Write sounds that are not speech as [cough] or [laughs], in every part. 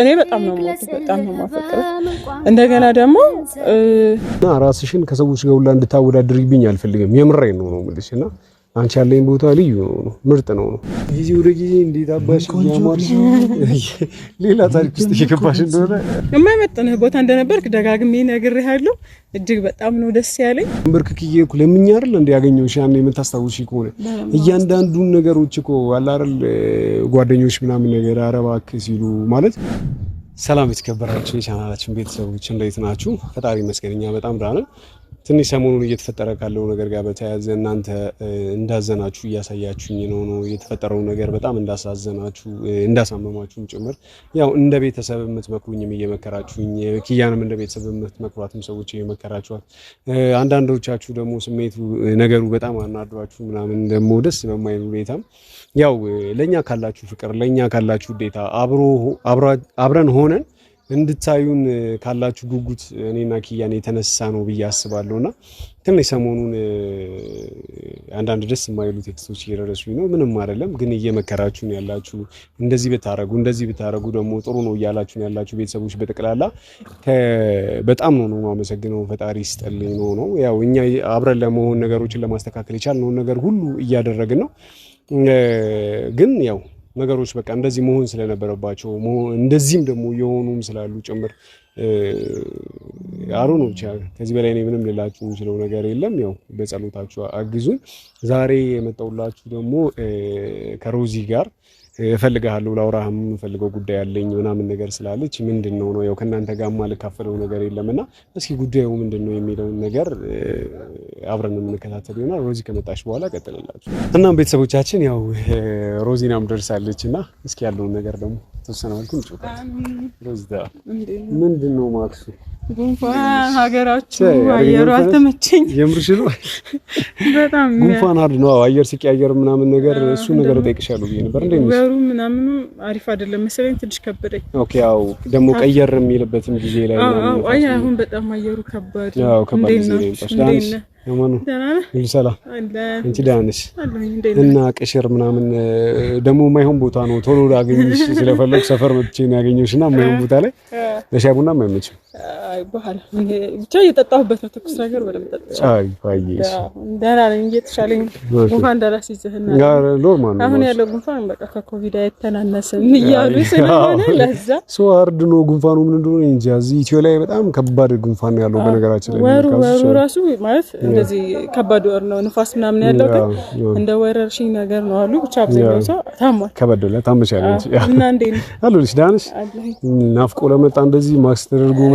እኔ በጣም ነው ማለት በጣም ነው የማፈቅረው። እንደገና ደግሞ እና ራስሽን ከሰዎች ጋር ሁላ እንድታወዳድርብኝ አልፈልግም። የምሬን ነው ነው የምልሽ እና አንቺ ያለኝ ቦታ ልዩ ነው፣ ምርጥ ነው ነው ጊዜ ወደ ጊዜ እንዴት አባሽ እያማርሽ ሌላ ታሪክ ውስጥ እየገባሽ እንደሆነ የማይመጥንህ ቦታ እንደነበርክ ደጋግሜ ነግሬሃለሁ። እጅግ በጣም ነው ደስ ያለኝ። ንበርክክዬ እኮ ለምኛ አይደል እንደ ያገኘሁሽ ያን የምታስታውሽ ከሆነ እያንዳንዱን ነገሮች እኮ አለ አይደል ጓደኞች ምናምን ነገር አረባክ ሲሉ ማለት ሰላም የተከበራችሁ የቻናላችን ቤተሰቦች እንዴት ናችሁ? ፈጣሪ ይመስገን እኛ በጣም ደህና ነን። ትንሽ ሰሞኑን እየተፈጠረ ካለው ነገር ጋር በተያያዘ እናንተ እንዳዘናችሁ እያሳያችሁኝ ነው ነው የተፈጠረው ነገር በጣም እንዳሳዘናችሁ እንዳሳመማችሁም ጭምር ያው እንደ ቤተሰብ የምትመክሩኝም እየመከራችሁኝ፣ ክያንም እንደ ቤተሰብ የምትመክሯትም ሰዎች እየመከራችኋት፣ አንዳንዶቻችሁ ደግሞ ስሜቱ ነገሩ በጣም አናዷችሁ ምናምን ደግሞ ደስ በማይል ሁኔታም ያው ለእኛ ካላችሁ ፍቅር ለእኛ ካላችሁ ውዴታ አብረን ሆነን እንድታዩን ካላችሁ ጉጉት እኔና ኪያን የተነሳ ነው ብዬ አስባለሁ። እና ትንሽ ሰሞኑን አንዳንድ ደስ የማይሉ ቴክስቶች እየደረሱኝ ነው። ምንም አይደለም ግን እየመከራችሁ ነው ያላችሁ። እንደዚህ ብታረጉ እንደዚህ ብታረጉ ደግሞ ጥሩ ነው እያላችሁ ነው ያላችሁ ቤተሰቦች። በጠቅላላ በጣም ነው ነው ማመሰግነው ፈጣሪ ስጠልኝ ነው ነው ያው እኛ አብረን ለመሆን ነገሮችን ለማስተካከል የቻልነውን ነገር ሁሉ እያደረግን ነው ግን ያው ነገሮች በቃ እንደዚህ መሆን ስለነበረባቸው እንደዚህም ደግሞ የሆኑም ስላሉ ጭምር አሩ ነው። ብቻ ከዚህ በላይ እኔ ምንም ልላችሁ የምችለው ነገር የለም። ያው በጸሎታችሁ አግዙን። ዛሬ የመጣሁላችሁ ደግሞ ከሮዚ ጋር እፈልግሃለሁ ላውራህም ፈልገው ጉዳይ አለኝ ምናምን ነገር ስላለች ምንድን ነው ነው ያው ከእናንተ ጋር ማልካፈለው ነገር የለምና እስኪ ጉዳዩ ምንድን ነው የሚለውን ነገር አብረን የምንከታተል ይሆናል። ሮዚ ከመጣች በኋላ ቀጥልላችሁ። እናም ቤተሰቦቻችን ያው ሮዚናም ደርሳለች እና እስኪ ያለውን ነገር ደግሞ ተወሰነ መልኩ ምንድን ነው ማክሱ ጉንፋን ሀገራችሁ አየሩ አልተመቸኝ። የምርሽ ነው በጣም ጉንፋን አድ ነው አየር ሲቀያየር ምናምን ነገር እሱ ነገር እጠይቅሻለሁ ብዬ ነበር። እንዴ ወሩ ምናምን አሪፍ አይደለም መሰለኝ ትንሽ ከበደኝ። ኦኬ ያው ደግሞ ቀየር የሚልበትም ጊዜ ላይ አሁን በጣም አየሩ ከባድ ነው። እንዴ ነው ሰላም አንቺ ደህና ነሽ? እና ቅሽር ምናምን ደግሞ የማይሆን ቦታ ነው። ቶሎ ላገኝሽ ሰፈር መጥቼ ነው ያገኘሁሽ እና የማይሆን ቦታ ላይ ለሻይ ቡና የማይመችም ብቻ እየጠጣሁበት ነው። ትኩስ ነገር በደምብ ደህና ነኝ፣ እየተሻለኝ ጉንፋን ደራስ ይዘህና አሁን ያለው ጉንፋን በቃ ከኮቪድ አይተናነስም እያሉ ስለሆነ ለዛ ሰው አርድ ነው ጉንፋኑ ምን እንደሆነ እንጂ እዚህ ኢትዮ ላይ በጣም ከባድ ጉንፋን ያለው በነገራችን ላይ ወሩ ወሩ ራሱ ማለት እንደዚህ ከባድ ወር ነው፣ ንፋስ ምናምን ያለው ግን እንደ ወረርሽኝ ነገር ነው አሉ። ብቻ አብዛኛው ሰው ታሟል። ከበድ ብለህ ታመሻለህ እንጂ እና እንዴ ነው አሉ ዳንሽ ናፍቆ ለመጣ እንደዚህ ማክስ ተደርጎ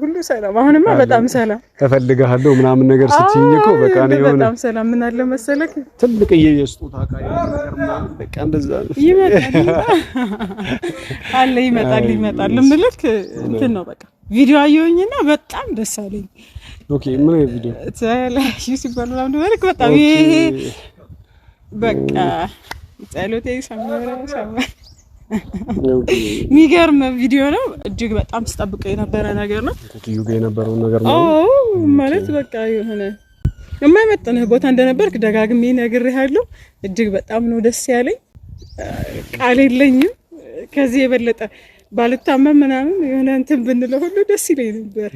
ሁሉ ሰላም። አሁንማ በጣም ሰላም ተፈልጋለሁ ምናምን ነገር ስትይኝ እኮ በቃ ነው የሆነ በጣም ሰላም። ምን አለ መሰለክ ትልቅ የስጦታ ቃ በቃ እንደዛ ይመጣል [laughs] አለ ይመጣል ይመጣል ልምልክ እንትን ነው በቃ ቪዲዮ አየሁኝና በጣም ደስ አለኝ። ኦኬ ምን ነው ቪዲዮ ተላሽ ሲባል ምናምን መልክ በጣም ይሄ በቃ ጸሎቴ ሰምራ ሰምራ [laughs] የሚገርም ቪዲዮ ነው። እጅግ በጣም ስጠብቀ የነበረ ነገር ነው። ኩኪዩ ጋር የነበረውን ነገር ማለት በቃ የሆነ የማይመጥንህ ቦታ እንደነበርክ ደጋግሜ ነግሬሃለሁ። እጅግ በጣም ነው ደስ ያለኝ። ቃል የለኝም። ከዚህ የበለጠ ባልታመም ምናምን የሆነ እንትን ብንለው ሁሉ ደስ ይለኝ ነበር።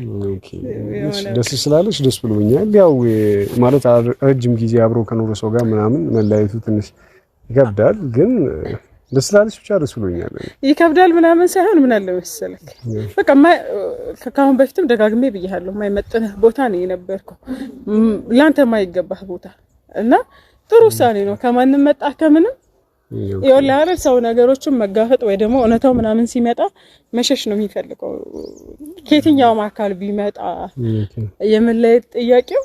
ደስ ስላለች ደስ ብሎኛል። ያው ማለት ረጅም ጊዜ አብሮ ከኖረ ሰው ጋር ምናምን መለያየቱ ትንሽ ይከብዳል ግን ደስ ስላለሽ ብቻ ደስ ብሎኛል። ይከብዳል ምናምን ሳይሆን ምን አለ መሰለህ፣ በቃ ከአሁን በፊትም ደጋግሜ ብያለሁ፣ የማይመጥንህ ቦታ ነው የነበርከው፣ ለአንተ የማይገባህ ቦታ እና ጥሩ ውሳኔ ነው። ከማንም መጣ ከምንም ይኸውልህ አይደል ሰው ነገሮችን መጋፈጥ ወይ ደግሞ እውነታው ምናምን ሲመጣ መሸሽ ነው የሚፈልገው ከየትኛውም አካል ቢመጣ የምንለየት ጥያቄው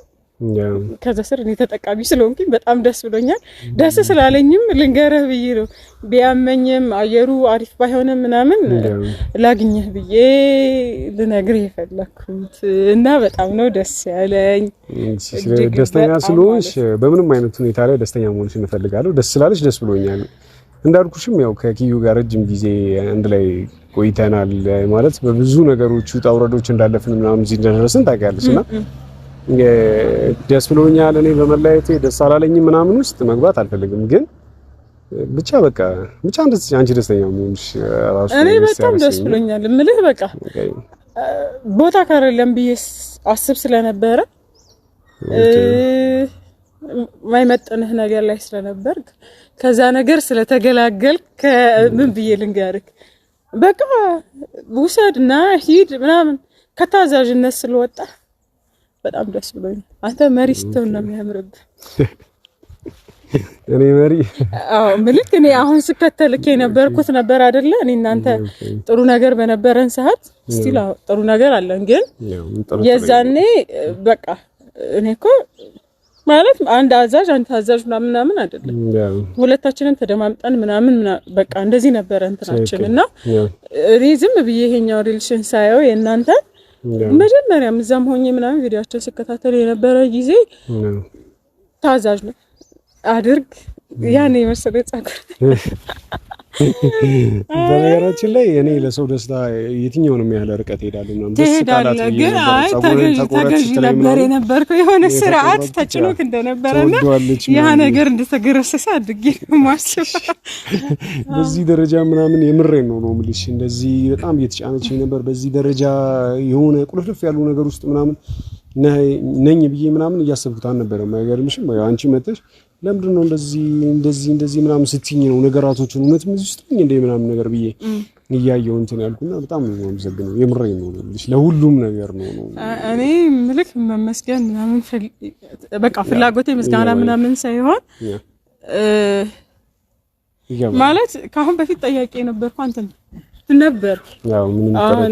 ከዛ ስር እኔ ተጠቃሚ ስለሆንኩኝ በጣም ደስ ብሎኛል። ደስ ስላለኝም ልንገረህ ብዬ ነው። ቢያመኝም አየሩ አሪፍ ባይሆንም ምናምን ላግኘህ ብዬ ልነግርህ የፈለግኩት እና በጣም ነው ደስ ያለኝ። ደስተኛ ስለሆንሽ በምንም አይነት ሁኔታ ላይ ደስተኛ መሆንሽ እንፈልጋለሁ። ደስ ስላለሽ ደስ ብሎኛል። እንዳልኩሽም ያው ከኪዩ ጋር ረጅም ጊዜ አንድ ላይ ቆይተናል ማለት በብዙ ነገሮች ውጣ ውረዶች እንዳለፍን ምናምን እዚህ እንደደረስን ታውቂያለሽ እና ደስ ብሎኛል፣ እኔ በመለያየቴ ደስ አላለኝም ምናምን ውስጥ መግባት አልፈልግም። ግን ብቻ በቃ ብቻ እንደዚህ አንቺ ደስተኛ ሆንሽ ራሱ እኔ በጣም ደስ ብሎኛል እምልህ በቃ ቦታ ካረለም ብዬ አስብ ስለነበረ ማይመጥንህ ነገር ላይ ስለነበር ከዛ ነገር ስለተገላገል ከምን ብዬ ልንገርክ በቃ ውሰድና ሂድ ምናምን ከታዛዥነት ስለወጣ በጣም ደስ ብሎኝ። አንተ መሪ ስትሆን ነው የሚያምርብህ። እኔ መሪ ምልክ እኔ አሁን ስከተልክ የነበርኩት ነበር አይደለ? እኔ እናንተ ጥሩ ነገር በነበረን ሰዓት ስቲል ጥሩ ነገር አለን፣ ግን የዛኔ በቃ እኔ እኮ ማለት አንድ አዛዥ አንድ ታዛዥ ምናምን ምናምን አይደለም፣ ሁለታችንም ተደማምጠን ምናምን በቃ እንደዚህ ነበረ እንትናችን እና እኔ ዝም ብዬ ይሄኛው ሪልሽን ሳየው የእናንተን መጀመሪያም እዛም ሆኜ ምናምን ቪዲዮቸውን ስከታተል የነበረ ጊዜ ታዛዥ ነው አድርግ ያን የመሰለ ጸጉር [laughs] [laughs] በነገራችን ላይ እኔ ለሰው ደስታ የትኛውንም ያህል ርቀት ሄዳለሁ ምናምን ትሄዳለህ፣ ግን አይ ተገዥ ነበር የነበርከው የሆነ ስርዓት ተጭኖክ እንደነበረና ያ ነገር እንደተገረሰሰ አድጌ ማስባ [laughs] በዚህ ደረጃ ምናምን የምሬ ነው ነው ምልሽ እንደዚህ በጣም እየተጫነች ነበር። በዚህ ደረጃ የሆነ ቁልፍልፍ ያሉ ነገር ውስጥ ምናምን ነኝ ብዬ ምናምን እያሰብኩት አልነበረም። አይገርምሽም? አንቺ መጥተሽ ለምንድን ነው እንደዚህ እንደዚህ እንደዚህ ምናምን ስትይኝ ነው ነገራቶችን እውነት እዚህ ውስጥ ነኝ እንደ ምናምን ነገር ብዬ እያየው እንትን ያልኩና በጣም ነው የምዘግነው። የምሬን ነው ለሁሉም ነገር ነው ነው እኔ ምልክ መመስገን ምናምን በቃ ፍላጎቴ ምስጋና ምናምን ሳይሆን ማለት ከአሁን በፊት ጠያቄ ነበርኩ አንተ ነበር። አሁን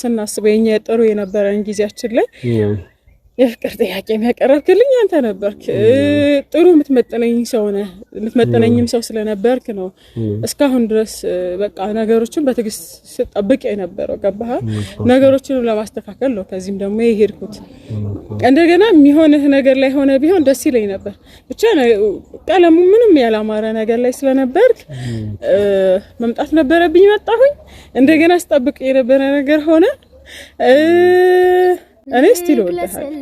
ስናስበው የኛ ጥሩ የነበረን ጊዜያችን ላይ የፍቅር ጥያቄ የሚያቀረብክልኝ አንተ ነበርክ። ጥሩ የምትመጠነኝ ሰው ነህ፣ የምትመጠነኝም ሰው ስለነበርክ ነው እስካሁን ድረስ በቃ ነገሮችን በትዕግስት ስጠብቅ የነበረው ገባህ። ነገሮችንም ለማስተካከል ነው ከዚህም ደግሞ የሄድኩት። እንደገና የሚሆንህ ነገር ላይ ሆነ ቢሆን ደስ ይለኝ ነበር። ብቻ ቀለሙ ምንም ያላማረ ነገር ላይ ስለነበርክ መምጣት ነበረብኝ፣ መጣሁኝ። እንደገና ስጠብቅ የነበረ ነገር ሆነ። እኔ ስቲል እወድሃለሁ።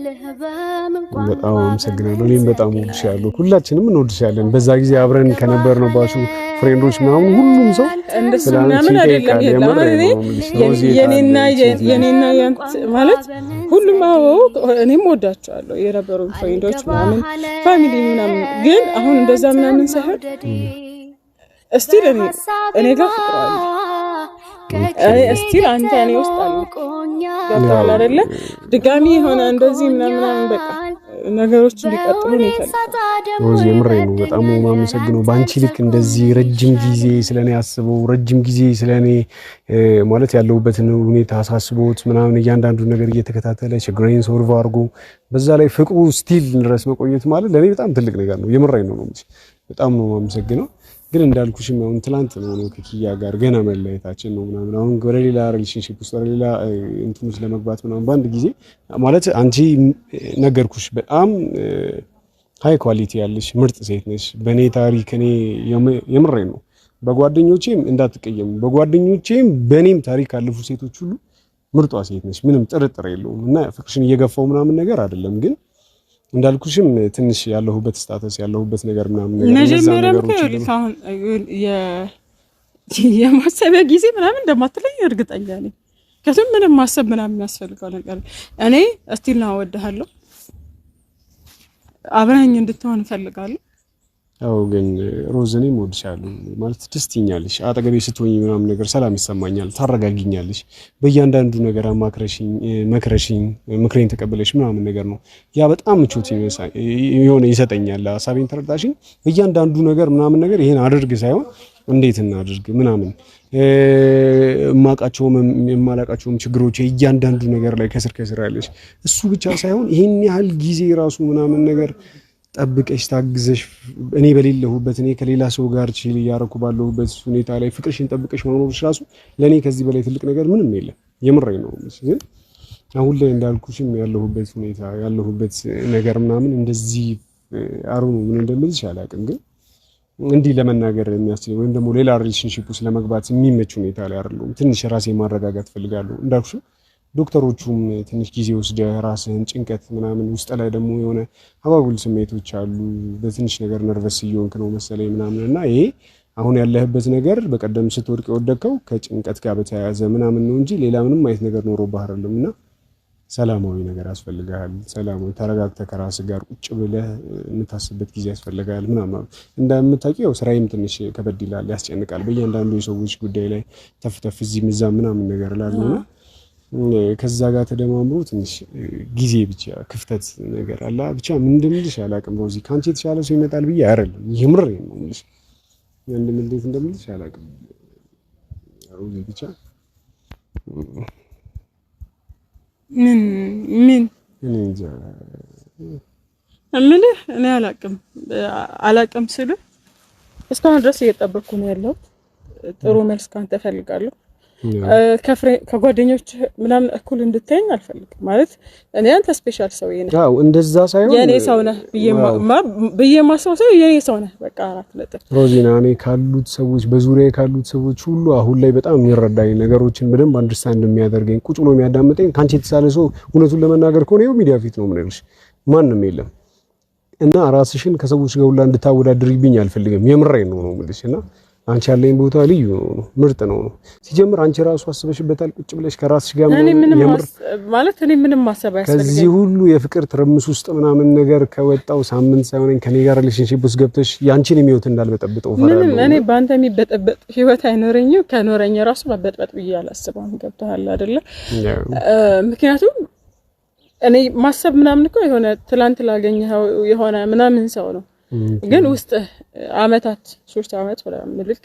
በጣም አመሰግናለሁ። እኔም በጣም እወድሻለሁ። ሁላችንም እንወድሻለን። በዛ ጊዜ አብረን ከነበርንባችሁ ፍሬንዶች ምናምን ሁሉም ሰው እንደሱ ምናምን አይደለም። የኔና የኔና ማለት ሁሉም አዎ፣ እኔም ወዳቸዋለሁ የነበሩ ፍሬንዶች ምናምን ፋሚሊ ምናምን፣ ግን አሁን እንደዛ ምናምን ሳይሆን ስቲል እኔ ጋር ፍቅር አለ ስቲል አንተ እኔ ውስጥ አለ ገብተዋል አይደለ? ድጋሚ የሆነ እንደዚህ ምናምናምን በቃ ነገሮች እንዲቀጥሉ ነው ይፈልጋል። የምሬ ነው። በጣም ማመሰግነው በአንቺ ልክ እንደዚህ ረጅም ጊዜ ስለኔ አስበው ረጅም ጊዜ ስለኔ ማለት ያለሁበትን ሁኔታ አሳስቦት ምናምን እያንዳንዱ ነገር እየተከታተለ ችግሬን ሶልቭ አድርጎ በዛ ላይ ፍቅሩ ስቲል ድረስ መቆየት ማለት ለእኔ በጣም ትልቅ ነገር ነው። የምሬ ነው። በጣም ነው ማመሰግነው። ግን እንዳልኩሽም አሁን ትላንት ነው ነው ከኪያ ጋር ገና መለየታችን ነው ምናምን አሁን ወደ ሌላ ሪሌሽንሽፕ ውስጥ ወደ ሌላ እንትን ውስጥ ለመግባት ምናምን በአንድ ጊዜ ማለት አንቺ ነገርኩሽ፣ በጣም ሀይ ኳሊቲ ያለሽ ምርጥ ሴት ነሽ። በእኔ ታሪክ እኔ የምሬ ነው በጓደኞቼም እንዳትቀየሙ፣ በጓደኞቼም በእኔም ታሪክ ካለፉ ሴቶች ሁሉ ምርጧ ሴት ነች፣ ምንም ጥርጥር የለውም። እና ፍቅርሽን እየገፋው ምናምን ነገር አይደለም ግን እንዳልኩሽም ትንሽ ያለሁበት ስታተስ ያለሁበት ነገር ምናምን የማሰቢያ ጊዜ ምናምን እንደማትለኝ እርግጠኛ ነኝ። ከቱም ምንም ማሰብ ምናምን የሚያስፈልገው ነገር እኔ እስቲል ነው እወድሃለሁ፣ አብረኝ እንድትሆን እፈልጋለሁ ያው ግን ሮዝ እኔ እወድሻለሁ ማለት ደስተኛለሽ፣ አጠገቤ ስትሆኝ ምናምን ነገር ሰላም ይሰማኛል፣ ታረጋግኛለሽ፣ በእያንዳንዱ ነገር አማክረሽኝ፣ መክረሽኝ፣ ምክሬን ተቀበለሽ ምናምን ነገር ነው። ያ በጣም ምቾት የሆነ ይሰጠኛል። ሀሳቤን ተረዳሽኝ፣ በእያንዳንዱ ነገር ምናምን ነገር ይሄን አድርግ ሳይሆን እንዴት እናድርግ ምናምን የማውቃቸውም የማላውቃቸውም ችግሮች እያንዳንዱ ነገር ላይ ከስር ከስር አለሽ። እሱ ብቻ ሳይሆን ይህን ያህል ጊዜ ራሱ ምናምን ነገር ጠብቀሽ ታግዘሽ እኔ በሌለሁበት እኔ ከሌላ ሰው ጋር ችል እያረኩ ባለሁበት ሁኔታ ላይ ፍቅርሽን ጠብቀሽ መኖርሽ ራሱ ለእኔ ከዚህ በላይ ትልቅ ነገር ምንም የለም። የምራኝ ነው። ግን አሁን ላይ እንዳልኩሽም ያለሁበት ሁኔታ ያለሁበት ነገር ምናምን እንደዚህ አሩኑ ምን እንደምልሽ አላውቅም። ግን እንዲህ ለመናገር የሚያስችል ወይም ደግሞ ሌላ ሪሌሽንሽፕ ውስጥ ለመግባት የሚመች ሁኔታ ላይ አይደለሁም። ትንሽ ራሴ ማረጋጋት ፈልጋለሁ እንዳልኩሽ ዶክተሮቹም ትንሽ ጊዜ ወስደ ራስህን ጭንቀት ምናምን ውስጥ ላይ ደግሞ የሆነ አጓጉል ስሜቶች አሉ፣ በትንሽ ነገር ነርቨስ እየሆንክ ነው መሰለኝ ምናምን እና ይሄ አሁን ያለህበት ነገር በቀደም ስትወድቅ የወደቅከው ከጭንቀት ጋር በተያያዘ ምናምን ነው እንጂ ሌላ ምንም አይነት ነገር ኖሮብህ አይደለም እና ሰላማዊ ነገር ያስፈልግሃል። ሰላማዊ ተረጋግተህ ከራስህ ጋር ቁጭ ብለህ የምታስብበት ጊዜ ያስፈልግሃል ምናምን። እንደምታውቂው ያው ስራዬም ትንሽ ከበድ ይላል፣ ያስጨንቃል። በእያንዳንዱ የሰዎች ጉዳይ ላይ ተፍተፍ እዚህም እዛም ምናምን ነገር ላሉና ከዛ ጋር ተደማምሮ ትንሽ ጊዜ ብቻ ክፍተት ነገር አለ። ብቻ ምን እንደምልሽ አላቅም። ሮዚ ከአንቺ የተሻለ ሰው ይመጣል ብዬ አይደለም፣ ይምር ነው የምልሽ። ያንድም እንዴት እንደምልሽ አላቅም። ሮዚ። ብቻ ምን ምን እኔ እንጃ እምልህ እኔ አላውቅም አላውቅም ስልህ እስካሁን ድረስ እየጠበቅኩ ነው ያለሁት። ጥሩ መልስ ካንተ እፈልጋለሁ። ከጓደኞች ምናምን እኩል እንድታየኝ አልፈልግም። ማለት እኔ አንተ ስፔሻል ሰው ነህ፣ እንደዛ ሳይሆን የኔ ሰው ነህ ብዬ ማስበው ሰው የኔ ሰው ነህ። በቃ አራት ነጥብ። ሮዚና እኔ ካሉት ሰዎች በዙሪያ ካሉት ሰዎች ሁሉ አሁን ላይ በጣም የሚረዳኝ ነገሮችን በደንብ አንደርስታንድ የሚያደርገኝ ቁጭ ብሎ የሚያዳምጠኝ ከአንቺ የተሳለ ሰው እውነቱን ለመናገር ከሆነ ይኸው ሚዲያ ፊት ነው የምነግርሽ ማንም የለም። እና ራስሽን ከሰዎች ጋር ሁላ እንድታወዳድሪብኝ አልፈልግም። የምሬን ነው ነው የምልሽ እና አንቺ ያለኝ ቦታ ልዩ ነው፣ ምርጥ ነው ነው። ሲጀምር አንቺ ራሱ አስበሽበታል? ቁጭ ብለሽ ከራስሽ ጋር ማለት እኔ ምንም ማሰብ ያስፈልጋል። ከዚህ ሁሉ የፍቅር ትርምስ ውስጥ ምናምን ነገር ከወጣው ሳምንት ሳይሆነኝ ከኔ ጋር ሪሌሽንሺፕ ውስጥ ገብተሽ ያንቺን የሚወት እንዳልበጠብጠው ፈራ። ምንም እኔ በአንተ የሚበጠበጥ ህይወት አይኖረኝ። ከኖረኝ ራሱ መበጥበጥ ብዬ አላስበም። ገብቶሃል አይደለ? ምክንያቱም እኔ ማሰብ ምናምን እኮ የሆነ ትላንት ላገኘው የሆነ ምናምን ሰው ነው ግን ውስጥ አመታት ሶስት አመት ምልክ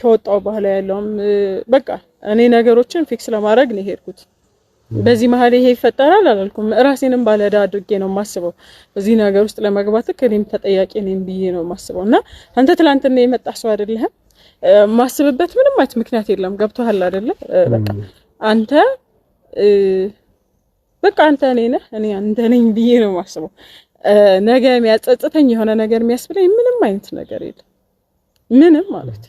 ከወጣው በኋላ ያለውም በቃ እኔ ነገሮችን ፊክስ ለማድረግ ነው የሄድኩት። በዚህ መሀል ይሄ ይፈጠራል አላልኩም። ራሴንም ባለዳ አድርጌ ነው የማስበው። በዚህ ነገር ውስጥ ለመግባት እኔም ተጠያቂ ነኝ ብዬ ነው የማስበው። እና አንተ ትላንትና የመጣ ሰው አይደለህም። ማስብበት ምንም አይነት ምክንያት የለም። ገብቶሃል አይደለ? በቃ አንተ በቃ አንተ እኔ ነህ እኔ አንተ ነኝ ብዬ ነው የማስበው። ነገ የሚያጸጽተኝ የሆነ ነገር የሚያስብለኝ ምንም አይነት ነገር የለም። ምንም ማለት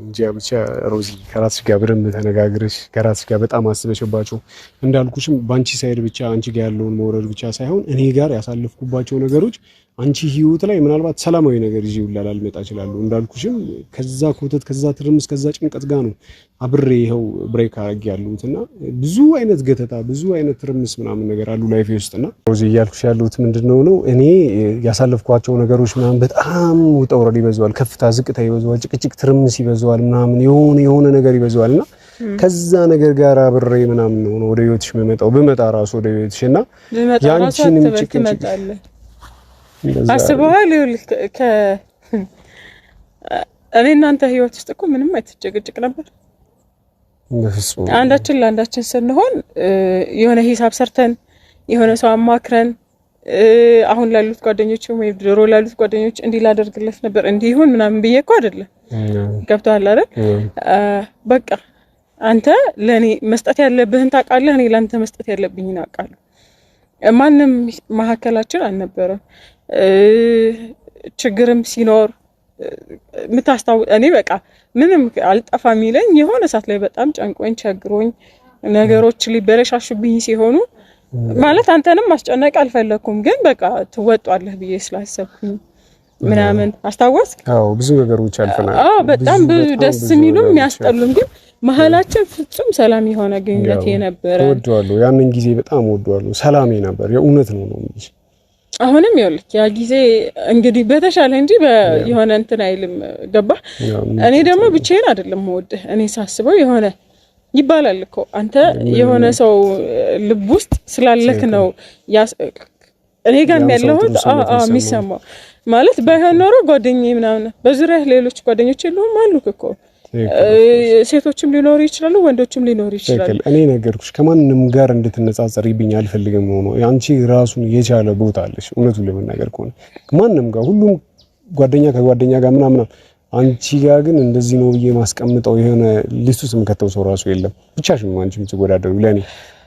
እንጃ ብቻ ሮዚ ከራስሽ ጋር ብረም ተነጋግረሽ ከራስሽ ጋር በጣም አስበሽባቸው እንዳልኩሽም በአንቺ ሳይድ ብቻ አንቺ ጋር ያለውን መውረድ ብቻ ሳይሆን እኔ ጋር ያሳለፍኩባቸው ነገሮች አንቺ ህይወት ላይ ምናልባት ሰላማዊ ነገር ይዤ ሁላ ላልመጣ እችላለሁ። እንዳልኩሽም ከዛ ኮተት፣ ከዛ ትርምስ፣ ከዛ ጭንቀት ጋር ነው አብሬ ይኸው ብሬክ አድርጌ ያለሁት እና ብዙ አይነት ገተታ፣ ብዙ አይነት ትርምስ ምናምን ነገር አሉ ላይፌ ውስጥ እና ሮዚ እያልኩሽ ያለሁት ምንድን ነው ነው እኔ ያሳለፍኳቸው ነገሮች ምናምን በጣም ውጣ ውረድ ይበዛዋል፣ ከፍታ ዝቅታ ይበዛዋል፣ ጭቅጭቅ ትርምስ ይበዛዋል፣ ምናምን የሆነ የሆነ ነገር ይበዛዋል እና ከዛ ነገር ጋር አብሬ ምናምን ነው ወደ ህይወትሽ የምመጣው ብመጣ ራሱ ወደ ህይወትሽ እና ያንቺንም ጭቅጭቅ አስበዋል። [laughs] እኔ እናንተ ህይወት ውስጥ እኮ ምንም አይተጨቅጭቅ ነበር። አንዳችን ለአንዳችን ስንሆን የሆነ ሂሳብ ሰርተን የሆነ ሰው አማክረን አሁን ላሉት ጓደኞች ወይም ድሮ ላሉት ጓደኞች እንዲህ ላደርግለት ነበር እንዲሁን ምናምን ብዬ እኮ አይደለም። ገብቶሃል አይደል? በቃ አንተ ለእኔ መስጠት ያለብህን ታውቃለህ፣ እኔ ለአንተ መስጠት ያለብኝን አውቃለሁ። ማንም መሀከላችን አልነበረም። ችግርም ሲኖር የምታስታው እኔ በቃ ምንም አልጠፋ የሚለኝ የሆነ ሰዓት ላይ በጣም ጨንቆኝ ቸግሮኝ ነገሮች ሊበለሻሹብኝ ሲሆኑ ማለት አንተንም ማስጨነቅ አልፈለኩም፣ ግን በቃ ትወጧለህ ብዬ ስላሰብኩኝ ምናምን አስታወስ? አዎ ብዙ ነገሮች አልፈናል። አዎ በጣም ብዙ ደስ የሚሉም የሚያስጠሉም፣ ግን መሀላችን ፍጹም ሰላም የሆነ ግንኙነት የነበረ ወደዋለሁ። ያንን ጊዜ በጣም ወደዋለሁ። ሰላሜ ነበር። የእውነት ነው ነው እንጂ አሁንም ይኸውልህ ያ ጊዜ እንግዲህ በተሻለ እንጂ የሆነ እንትን አይልም። ገባ እኔ ደግሞ ብቻዬን አይደለም መወድህ እኔ ሳስበው የሆነ ይባላል እኮ አንተ የሆነ ሰው ልብ ውስጥ ስላለክ ነው እኔ ጋር ያለሁት የሚሰማው ማለት ባይሆን ኖሮ ጓደኛዬ ምናምን በዙሪያ ሌሎች ጓደኞች የሉም አሉ እኮ ሴቶችም ሊኖሩ ይችላሉ፣ ወንዶችም ሊኖሩ ይችላሉ። እኔ ነገርኩሽ ከማንም ጋር እንድትነጻጸሪብኝ አልፈልግም። ሆኖ አንቺ ራሱን የቻለ ቦታ አለሽ። እውነቱን ለመናገር ከሆነ ማንም ጋር ሁሉም ጓደኛ ከጓደኛ ጋር ምናምን፣ አንቺ ጋር ግን እንደዚህ ነው ብዬ ማስቀምጠው የሆነ ሊስት ውስጥ የምከተው ሰው ራሱ የለም። ብቻሽን አንቺ የምትወዳደሩ ለእኔ።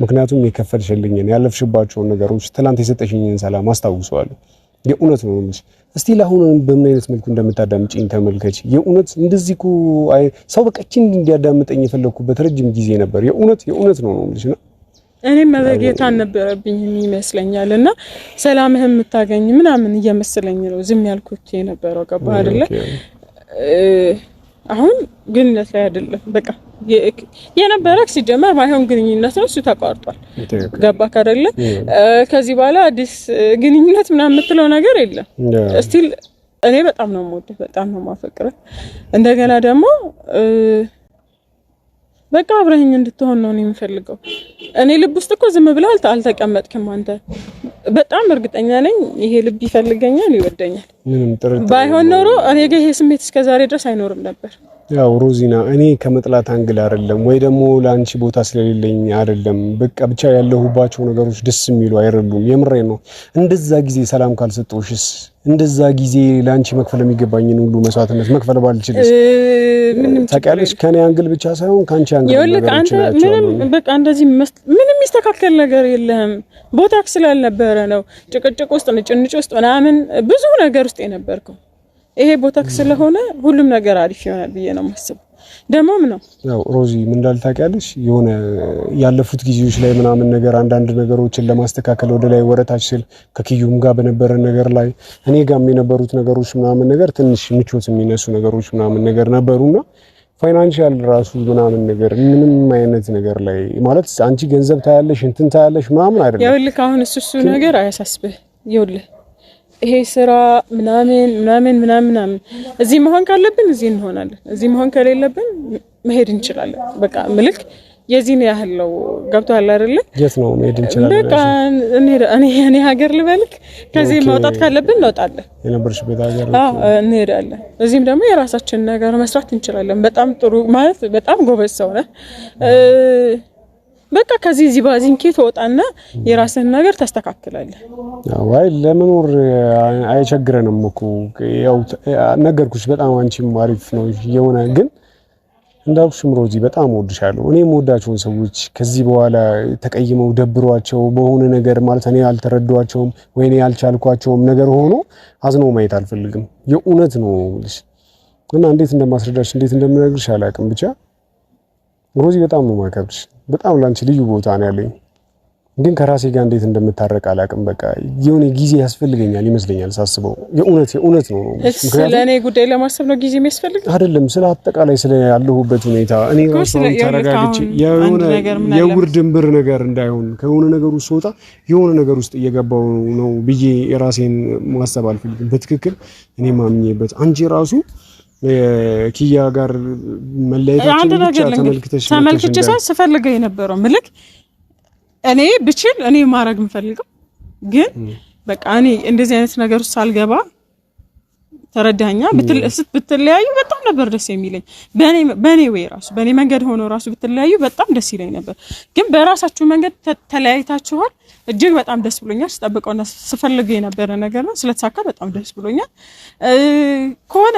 ምክንያቱም የከፈልሽልኝን ያለፍሽባቸውን ነገሮች፣ ትላንት የሰጠሽኝን ሰላም አስታውሰዋለሁ። የእውነት ነው የምልሽ እስቲ ለአሁኑ በምን አይነት መልኩ እንደምታዳምጪኝ ተመልከች። የእውነት እንደዚህ እኮ አይ ሰው በቀችን እንዲያዳምጠኝ የፈለኩበት ረጅም ጊዜ ነበር። የእውነት የእውነት ነው ነው ልጅ ነው። እኔም መዘግየት አልነበረብኝም ይመስለኛል። እና ሰላምህን የምታገኝ ምናምን እየመሰለኝ ነው ዝም ያልኩት የነበረው ገባ አይደለ አሁን ግንኙነት ላይ አይደለም። በቃ የነበረ ሲጀመር ማይሆን ግንኙነት ነው፣ እሱ ተቋርጧል። ገባ ካደለ ከዚህ በኋላ አዲስ ግንኙነት ምናምን የምትለው ነገር የለም። እስቲል እኔ በጣም ነው የምወደው፣ በጣም ነው የማፈቅረው። እንደገና ደግሞ በቃ አብረህኝ እንድትሆን ነው እኔ የምፈልገው። እኔ ልብ ውስጥ እኮ ዝም ብለህ አልተቀመጥክም አንተ። በጣም እርግጠኛ ነኝ ይሄ ልብ ይፈልገኛል፣ ይወደኛል። ባይሆን ኖሮ እኔ ጋ ይሄ ስሜት እስከዛሬ ድረስ አይኖርም ነበር። ያው ሮዚና እኔ ከመጥላት አንግል አይደለም፣ ወይ ደግሞ ለአንቺ ቦታ ስለሌለኝ አይደለም። በቃ ብቻ ያለሁባቸው ነገሮች ደስ የሚሉ አይደሉም። የምሬ ነው። እንደዛ ጊዜ ሰላም ካልሰጠውሽስ፣ እንደዛ ጊዜ ለአንቺ መክፈል የሚገባኝን ሁሉ መስዋዕትነት መክፈል ባልችልስ፣ ታውቂያለሽ፣ ከኔ አንግል ብቻ ሳይሆን ከአንቺ አንግል አንተ ምንም በቃ እንደዚህ ምንም የሚስተካከል ነገር የለህም። ቦታክ ስላልነበረ ነው ጭቅጭቅ ውስጥ ንጭንጭ ውስጥ ምናምን ብዙ ነገር ውስጥ የነበርከው ይሄ ቦታ ስለሆነ ሁሉም ነገር አሪፍ ይሆናል ብዬ ነው የማስበው። ደግሞም ነው ያው ሮዚ ምን እንዳልታውቂያለሽ የሆነ ያለፉት ጊዜዎች ላይ ምናምን ነገር አንዳንድ ነገሮችን ለማስተካከል ወደ ላይ ወረታች ስል ከኪዩም ጋር በነበረ ነገር ላይ እኔ ጋርም የነበሩት ነገሮች ምናምን ነገር ትንሽ ምቾት የሚነሱ ነገሮች ምናምን ነገር ነበሩና ፋይናንሻል ራሱ ምናምን ነገር ምንም አይነት ነገር ላይ ማለት አንቺ ገንዘብ ታያለሽ እንትን ታያለሽ ምናምን አይደለም። ይኸውልህ አሁን እሱ እሱ ነገር አያሳስብህ። ይኸውልህ ይሄ ስራ ምናምን ምናምን ምናምን ምናምን እዚህ መሆን ካለብን እዚህ እንሆናለን፣ እዚህ መሆን ከሌለብን መሄድ እንችላለን። በቃ ምልክ የዚህን ያህል ነው። ገብቶሃል አይደለ? የት ነው መሄድ እንችላለን። በቃ እኔ እኔ ሀገር ልበልክ፣ ከዚህ መውጣት ካለብን እንወጣለን። የነበርሽ ቤት ሀገር አዎ፣ እንሄዳለን። እዚህም ደግሞ የራሳችን ነገር መስራት እንችላለን። በጣም ጥሩ ማለት በጣም ጎበዝ ሰው ነህ። በቃ ከዚህ እዚህ ባዚንኬ ትወጣና የራስህን ነገር ታስተካክላለህ። አይ ለመኖር አይቸግረንም እኮ ያው ነገርኩሽ። በጣም አንቺም አሪፍ ነው የሆነ ግን እንዳልኩሽ ምሮዚ በጣም ወድሻለሁ። እኔ የምወዳቸውን ሰዎች ከዚህ በኋላ ተቀይመው ደብሯቸው በሆነ ነገር ማለት እኔ አልተረዷቸውም ወይ እኔ ያልቻልኳቸውም ነገር ሆኖ አዝኖ ማየት አልፈልግም። የእውነት ነው የምልሽ እና እንዴት እንደማስረዳሽ እንዴት እንደምነግርሽ አላውቅም። ብቻ ምሮዚ በጣም ነው የማከብርሽ። በጣም ላንቺ ልዩ ቦታ ነው ያለኝ። ግን ከራሴ ጋር እንዴት እንደምታረቅ አላቅም። በቃ የሆነ ጊዜ ያስፈልገኛል ይመስለኛል ሳስበው። የእውነት የእውነት ነው። ስለእኔ ጉዳይ ለማሰብ ነው ጊዜ የሚያስፈልግ አይደለም። ስለ አጠቃላይ ስለ ያለሁበት ሁኔታ እኔ ተረጋግቼ የሆነ የውር ድንብር ነገር እንዳይሆን ከሆነ ነገር ውስጥ ወጣ የሆነ ነገር ውስጥ እየገባው ነው ብዬ የራሴን ማሰብ አልፈልግም። በትክክል እኔ ማምኜበት አንቺ ራሱ ኪያ ጋር መለያየታችን ብቻ ተመልክቼ ስፈልገው የነበረው ምልክ እኔ ብችል እኔ ማድረግ የምፈልገው ግን በቃ እኔ እንደዚህ አይነት ነገር ውስጥ ሳልገባ ተረዳኛ ብትለያዩ በጣም ነበር ደስ የሚለኝ። በእኔ ወይ ራሱ በእኔ መንገድ ሆኖ ራሱ ብትለያዩ በጣም ደስ ይለኝ ነበር። ግን በራሳችሁ መንገድ ተለያይታችኋል። እጅግ በጣም ደስ ብሎኛል። ስጠብቀውና ስፈልገው የነበረ ነገር ነው። ስለተሳካ በጣም ደስ ብሎኛል።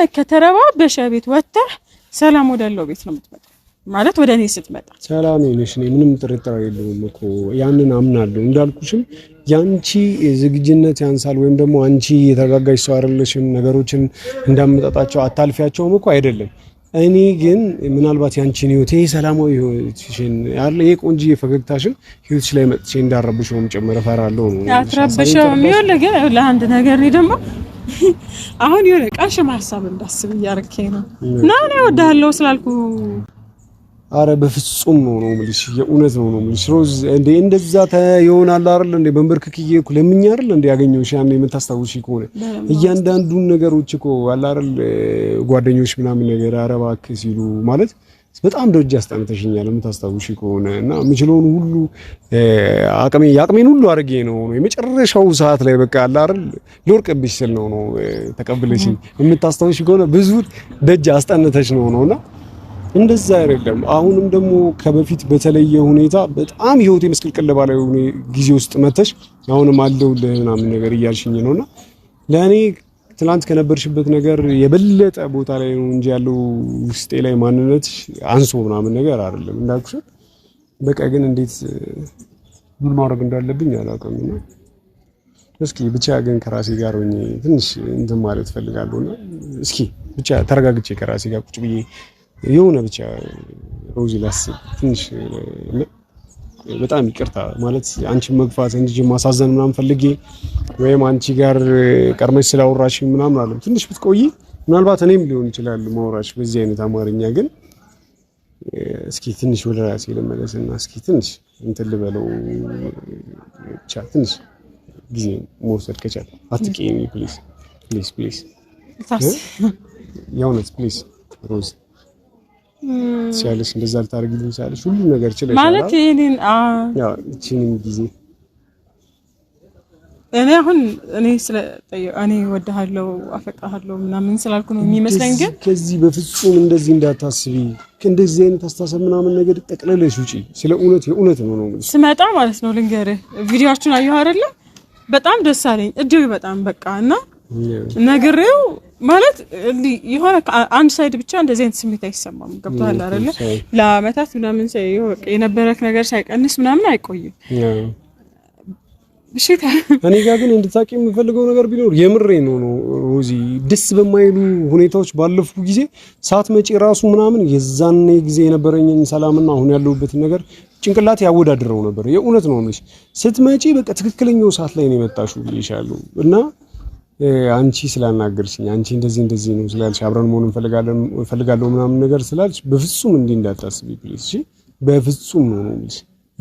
የሆነ በሻ ቤት ወጥተህ ሰላም ወዳለው ቤት ነው የምትመጣው። ማለት ወደ እኔ ስትመጣ ሰላም ነሽ። እኔ ምንም ጥርጥር የለውም እኮ ያንን አምናለሁ። እንዳልኩሽም ያንቺ ዝግጅነት ያንሳል ወይም ደግሞ አንቺ የተረጋጋሽ ሰው አይደለሽም። ነገሮችን እንዳመጣጣቸው አታልፊያቸውም እኮ አይደለም። እኔ ግን ምናልባት ያንቺን ህይወት ይሄ ሰላማዊ ህይወትሽን ያለ ይሄ ቆንጆዬ ፈገግታሽን ህይወትሽ ላይ መጥቼ እንዳረብሽውም ጭምር እፈራለሁ ነው አትረብሽውም። ይኸውልህ ግን ለአንድ ነገር እኔ ደግሞ አሁን የሆነ ቃሽም ሀሳብ እንዳስብ እያረከኝ ነው። ና ና እወድሃለሁ ስላልኩ አረ በፍጹም ነው ነው የምልሽ፣ የእውነት ነው ነው የምልሽ ሮዝ። እንዴ እንደዛ ይሆናል አይደል? እንዴ በንበርክክዬ እኮ ለምኜ አይደል እንዴ ያገኘሁሽ ያኔ። የምታስታውሺ ከሆነ እያንዳንዱን ነገሮች እኮ አለ አይደል ጓደኞች ምናምን ነገር አረ እባክህ ሲሉ ማለት በጣም ደጅ አስጠምተሽኛል የምታስታውሽ ከሆነ እና የምችለውን ሁሉ አቅሜ የአቅሜን ሁሉ አድርጌ ነው ነው የመጨረሻው ሰዓት ላይ በቃ አለ አይደል ልወርቅብሽ ስል ነው ነው ተቀብለሽ የምታስታውሽ ከሆነ ብዙ ደጅ አስጠንተሽ ነው ነው እና እንደዛ አይደለም። አሁንም ደግሞ ከበፊት በተለየ ሁኔታ በጣም ህይወቴ ምስቅልቅል ባለ ጊዜ ውስጥ መተሽ አሁንም አለሁልህ ምናምን ነገር እያልሽኝ ነው እና ለእኔ ትላንት ከነበርሽበት ነገር የበለጠ ቦታ ላይ ነው እንጂ ያለው ውስጤ ላይ ማንነት አንሶ ምናምን ነገር አይደለም። እንዳልኩሽ በቃ ግን እንዴት ምን ማድረግ እንዳለብኝ አላውቅም። እና እስኪ ብቻ ግን ከራሴ ጋር ሆኜ ትንሽ እንትን ማለት ፈልጋለሁ። እና እስኪ ብቻ ተረጋግቼ ከራሴ ጋር ቁጭ ብዬ የሆነ ብቻ ሮዚ ላስብ ትንሽ በጣም ይቅርታ ማለት አንቺን መግፋት እንጂ ማሳዘን ምናምን ፈልጌ ወይም አንቺ ጋር ቀርመሽ ስላወራሽ ምናምን አለም። ትንሽ ብትቆይ ምናልባት እኔም ሊሆን ይችላል ማውራሽ በዚህ አይነት አማርኛ። ግን እስኪ ትንሽ ወደ ራሴ ልመለስና እስኪ ትንሽ እንትን ልበለው ብቻ ትንሽ ጊዜ መውሰድ ከቻል አትቄ ፕሊዝ ፕሊዝ ፕሊዝ የእውነት ፕሊዝ ሮዝ ሲያለሽ እንደዛ ልታደርግልኝ ሲያለሽ ሁሉም ነገር ችለሽ ማለት ይሄንን አ ያው እቺንም ጊዜ እኔ አሁን እኔ ስለ እኔ ወድሃለሁ አፈቅርሃለሁ ምናምን ስላልኩ ነው የሚመስለኝ። ግን ከዚህ በፍጹም እንደዚህ እንዳታስቢ፣ ከእንደዚህ አይነት አስተሳሰብ ምናምን ነገር ጠቅለለሽ ውጪ። ስለ እውነት የእውነት ነው ነው ስመጣ ማለት ነው ልንገርህ፣ ቪዲዮአችሁን አየሁ አይደለ? በጣም ደስ አለኝ እጅግ በጣም በቃ እና ነግሬው ማለት እንዲህ የሆነ አንድ ሳይድ ብቻ እንደዚህ አይነት ስሜት አይሰማም። ገብቶሃል አይደለ? ለአመታት ምናምን የነበረክ ነገር ሳይቀንስ ምናምን አይቆይም። እኔ ጋ ግን እንድታቂ የምፈልገው ነገር ቢኖር የምሬ ነው ነው ሮዚ፣ ደስ በማይሉ ሁኔታዎች ባለፉ ጊዜ ሰዓት መጪ ራሱ ምናምን የዛን ጊዜ የነበረኝን ሰላምና አሁን ያለሁበትን ነገር ጭንቅላት ያወዳድረው ነበር። የእውነት ነው ስትመጪ በቃ ትክክለኛው ሰዓት ላይ ነው የመጣሽው ይሻሉ እና አንቺ ስላናገርሽኝ አንቺ እንደዚህ እንደዚህ ነው ስላልሽ አብረን መሆን እንፈልጋለን እንፈልጋለሁ ምናምን ነገር ስላልሽ በፍጹም እንዲህ እንዳታስቢ ፕሊዝ። እሺ በፍጹም ነው ነው ልጅ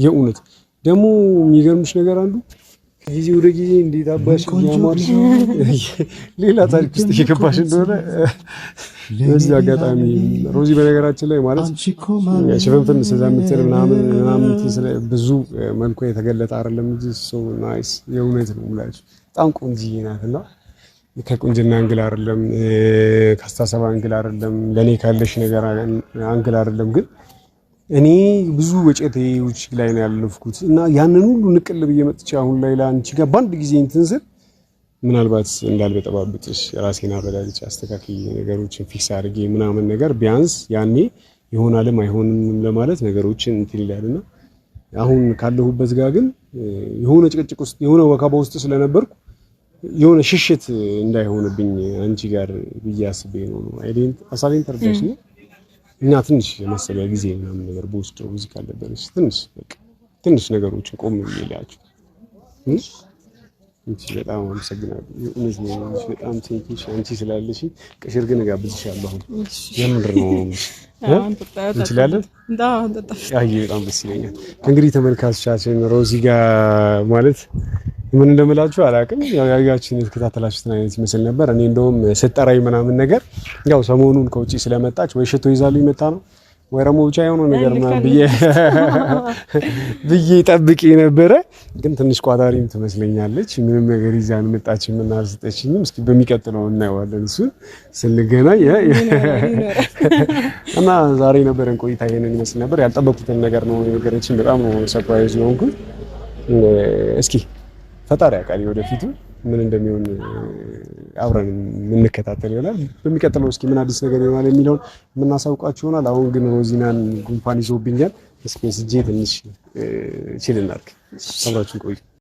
የእውነት ደግሞ የሚገርምሽ ነገር አንዱ ከጊዜ ወደ ጊዜ እንዴት አባሽ ያማርሽ ሌላ ታሪክ ውስጥ እየገባሽ እንደሆነ በዚህ አጋጣሚ ሮዚ፣ በነገራችን ላይ ማለት ሽፍንፍን ስዛ የምትል ምናምን ምናምን ብዙ መልኳ የተገለጠ አይደለም እንጂ ሶ ናይስ የእውነት ነው ምላችሁ በጣም ቆንጅዬ ናት እና ከቁንጅና አንግል አይደለም፣ ከአስተሳሰብ አንግል አይደለም፣ ለእኔ ካለሽ ነገር አንግል አይደለም። ግን እኔ ብዙ ወጨቴዎች ላይ ነው ያለፍኩት እና ያንን ሁሉ ንቅል ብዬ መጥቼ አሁን ላይ ለአንቺ ጋር በአንድ ጊዜ እንትን ስል ምናልባት እንዳልበጠባብጥሽ ራሴን አረጋግጬ አስተካክዬ ነገሮችን ፊክስ አድርጌ ምናምን ነገር ቢያንስ ያኔ ይሆናልም አይሆንም ለማለት ነገሮችን እንትን ይላልና አሁን ካለሁበት ጋር ግን የሆነ ጭቅጭቅ ውስጥ የሆነ ወከባ ውስጥ ስለነበርኩ የሆነ ሽሽት እንዳይሆንብኝ አንቺ ጋር ብዬ አስቤ ነው ነው አይዴንት አሳቤን ተረዳሽ ነው እና ትንሽ የማሰቢያ ጊዜ ምናምን ነገር በውስጥ ሙዚቃ አለበት ትንሽ በቃ ትንሽ ነገሮችን ቆም የሚላቸው አንቺ በጣም አመሰግናለሁ። እውነት በጣም ቴንኪሽ አንቺ ስላለሽ ቅሽር ግን እጋብዝሻለሁ። አሁን የምር ነው እንችላለን። አይ በጣም ደስ ይለኛል። እንግዲህ ተመልካቾቻችን ሮዚ ጋር ማለት ምን እንደምላችሁ አላውቅም። ያው ያያችን የተከታተላችሁትን አይነት ይመስል ነበር። እኔ እንደውም ስጠራዊ ምናምን ነገር ያው ሰሞኑን ከውጪ ስለመጣች ወይ ሽቶ ይዛሉ ይመጣ ነው ወረሞ ብቻ የሆነ ነገር ነው ብዬ [laughs] ብዬ ጠብቄ ነበረ፣ ግን ትንሽ ቋጣሪም ትመስለኛለች። ምንም ነገር ይዛን መጣች እና አልሰጠችኝም። እስኪ በሚቀጥለው እናየዋለን እሱን ስንገናኝ [laughs] እና ዛሬ የነበረን ቆይታ ይሄንን ይመስል ነበር። ያልጠበኩትን ነገር ነው የነገረችኝ። በጣም ሰርፕራይዝ ነው እንኩ እስኪ ፈጣሪ አውቃል ወደፊቱ ምን እንደሚሆን አብረን የምንከታተል ይሆናል። በሚቀጥለው እስኪ ምን አዲስ ነገር ይሆናል የሚለውን የምናሳውቃችሁ ይሆናል። አሁን ግን ሮዚናን ጉንፋን ይዞብኛል። ስፔስ ጄ ትንሽ ችል እናድርግ። ቆዩ።